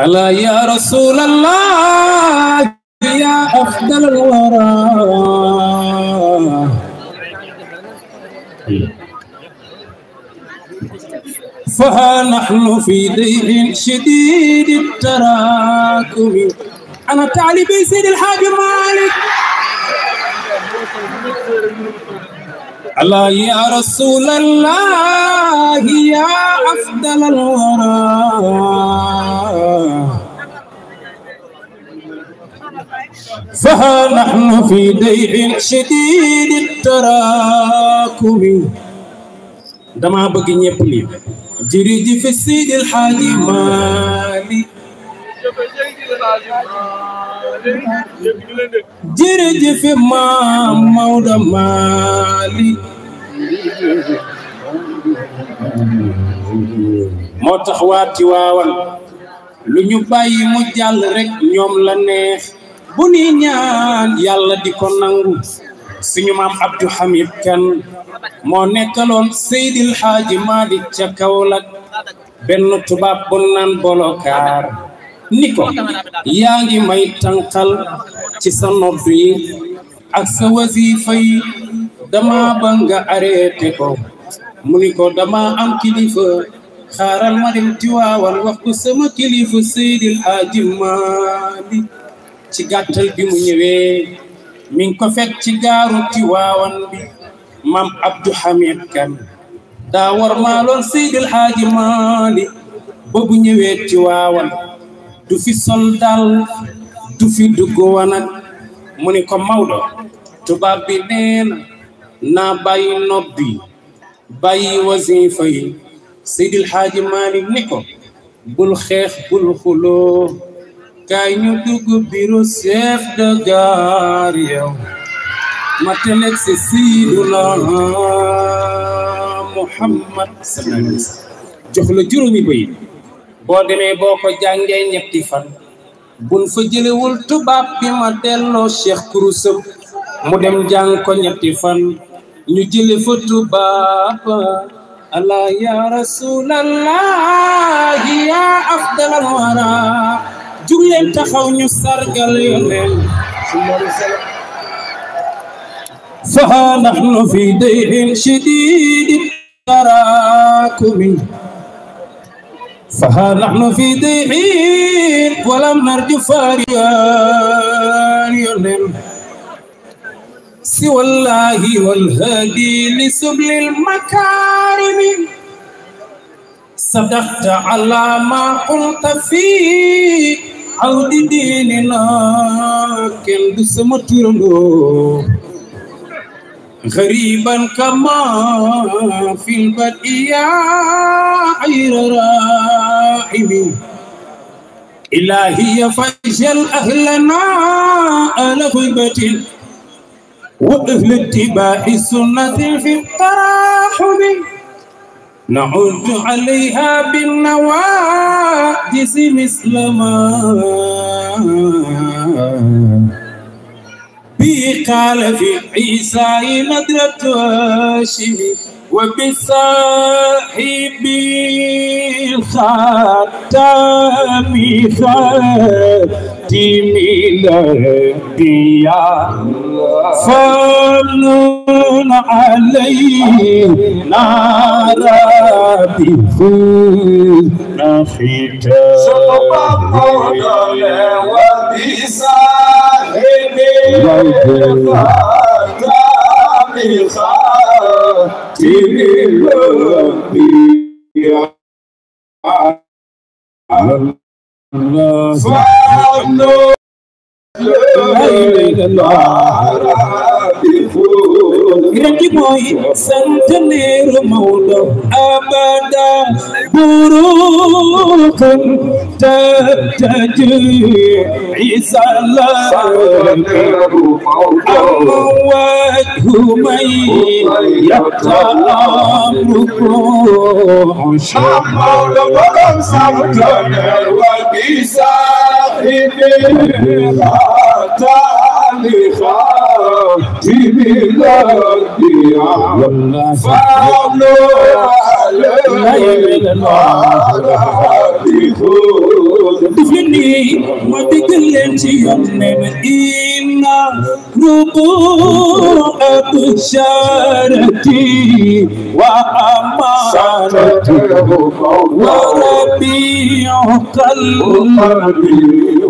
ألا يا رسول الله يا أفضل الورى فها نحن في ضيق شديد التراكم أنا طالب سيد الحاج مالك ألا يا رسول الله يا أفضل الورى فها نحن في ديع شديد التراكم دما بغي ñepp jiri ji fi mali jiri ji fi mam mawda mali motax waati wawan luñu bayyi mu rek ñom la Buninya ñaan yalla di ko nangu suñu mam abdou hamid kan mo nekkalon seydil haji malik ca kawlak benn tubab bu nan bolokar niko yaangi may tankal ci sa nodd yi ak sa wasifa dama banga arete ko dama am kilifa xaaral ma dem waxtu sama kilifa seydil haji malik ci gàttal bi mu ñëwee mi ko fekk ci gaaru Tiwaawan bi maam Abdou Hamid Kan daa war maaloon Seydil Haaji Maalik ba bu ñëwee Tiwaawan du fi sol du fi dugg wanag mu ni ko Maodo tubaab bi nee naa bàyyi nobbi bàyyi wasifa yi Seydil Haaji Maalik ni ko bul xeex bul xuloo kaay tugu biru chef de gare yow matelek si muhammad sallallahu alayhi wa sallam jox la juróomi bayit boo demee boo ko jàngee ñetti fan buñ fa wul tubaab bi ma delloo cheikh kurusam mu dem jang ko ñetti fan ñu jëlé fa ala ya rasulallah ya afdal al wara jug leen taxaw ñu sargal فها نحن في دير شديد التراكم فها نحن في دير ولم نرج فاريان سوى الله والهادي لسبل المكارم صدقت على ما قلت فيه aw di diine naa kenn du sama turandoo غريبا كما في يا عير رائم إلهي فجل أهلنا على غيبة وأهل اتباع السنة في التراحم نعود عليها بالنواجس مثلما ما قال في عيسى ندرة هاشم وبصاحب الخاتم خاتم الأنبياء فضل علينا ربه نفتا خاتم الأنبياء Love, love, love, rek mooy sant leeru Maodo abada burukan tajtaji isa la وجه من يقطع امركم شمع لبرم سمتا وبساحب خطأ خالي بلادي فعلوا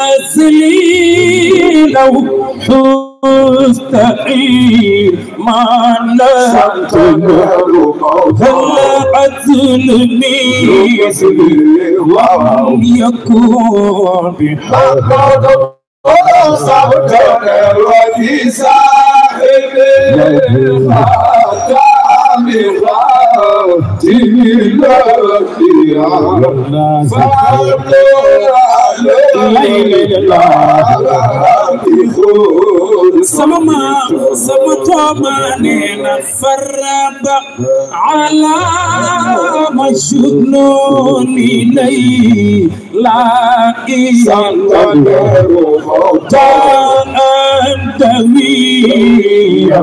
أسلي لو مستحيل ما نلقت فلقت الميزي وهم يكون بحق وفي صاحب الخاتم خاتم الله فاطر لا إله إلا الله sama maam sama tooma nee na faraba ala ma junnooni lay laa ilallah ta antawiya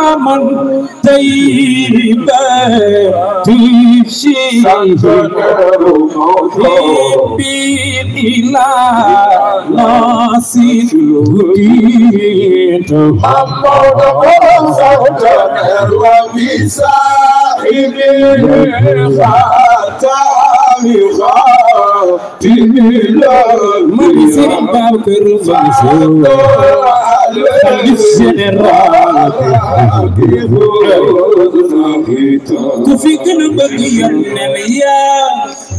من طيبة تمشي بين إلى ناصر محمد فوزان وبساحب الخاتم خاتم الأنبياء مسيح بكر منصور الشرار ku fi gën a bëgg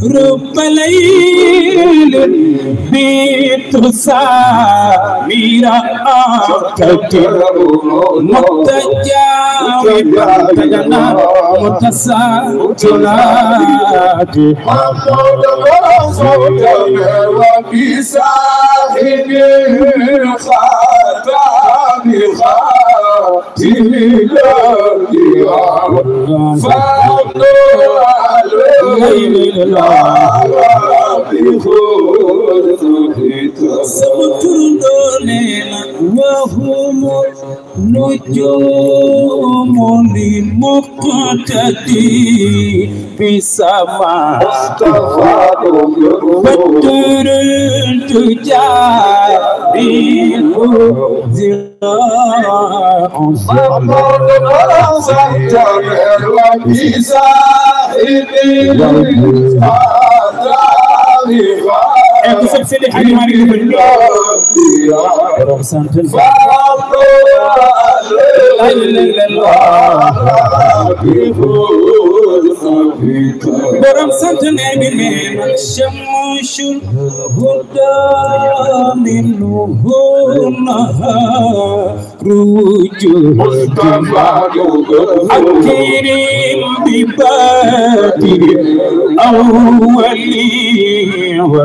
رب ليل بتسامير آتك متجاوبتنا متساجلات محمد رسول وفي صاحب الخاتم خاتم الأنبياء فاضوا عليه Allah. وهم نجوم لمقتدي في سماء بدر التجاري زراع فقد رصدت الوجه سائل errar. kusub Seydi El Hadji Malick dafa ñu borom sant la la ilaha borom sant ne mi ne shamushul huda min nuhuma ruju mustafa akirim bibatiri awwali wa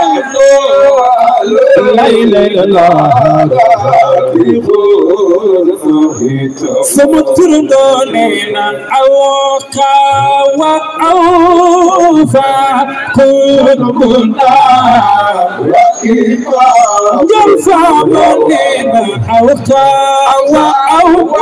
سمتردوني نعوكا وعوفا كن كنا جرفا مني نعوكا وعوفا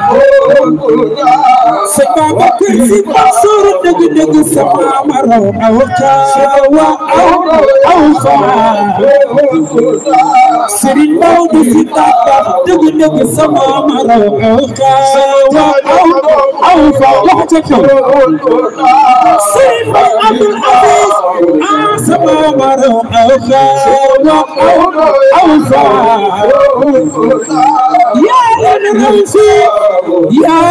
sëñ Bamba kër si Mansour dëgg dëgg sama maraw aw aw aw faa aw faa wax ca kaw Serigne Maodo Abdoul Aziz ah sama aw caawa aw aw faa yaa leen raw si yaa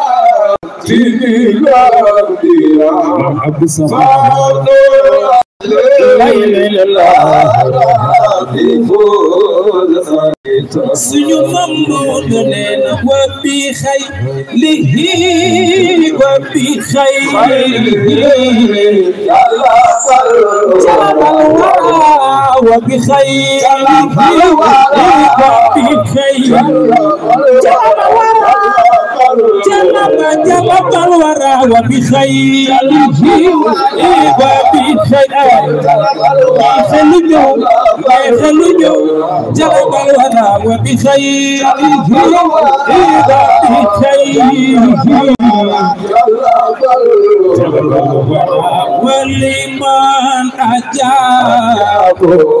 عبد الصمد ليل العارف suñu mambo do neena wabi xay lihi wabi xay yalla sallu wabi xay wabi xay جلب الورى وبخير وبخير خلجو خلجو جلب الورى وبخير وبخير ولمن أجابه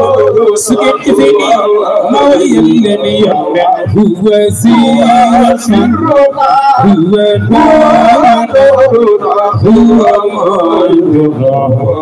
سكتني ما يلني يمن هو زينة هو نور هو مولد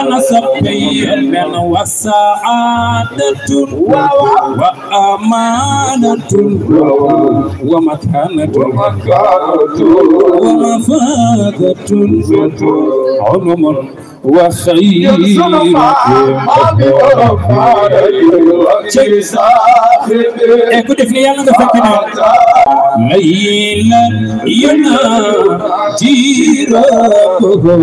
أنا صبي من وسعادة وأمانة ومكانة ومفادة علم وخير ليلا ينادي ربه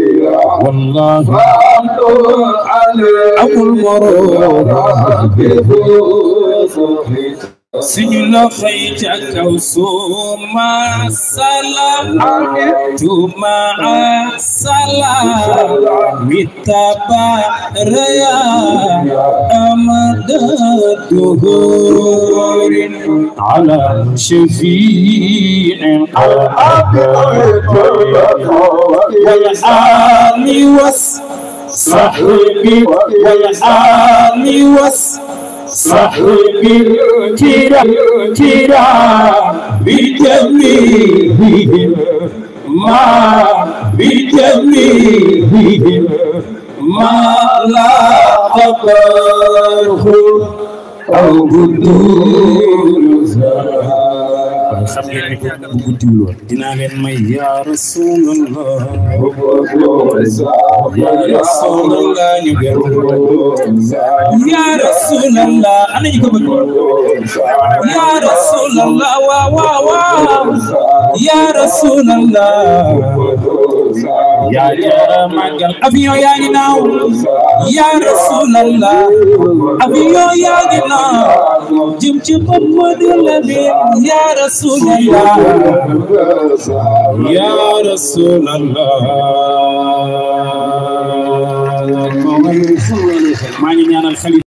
والله أبو المرور سجل خيتك ثم السلام ثم السلام بالتبريا أمد الدهور على شفيع والآل والصحب والآل والصحب صحبهم تيرا تيرا بتبليغهم ما بتبليغهم ما لا قدره أو قدوسها waaye xam ngeen ne bu ko diwloon dinaa leen may yaa rasulallah yaa rasulallah ñu yaa rasulallah ana ñu ko bëgg yaa rasulallah waaw waaw waaw yaa rasulallah yaa jara màggal avion yaa ngi naaw yaa rasulallah avion yaa ngi naaw jëm ci Mamadu Lamin yaa rasulallah yaa rasulallah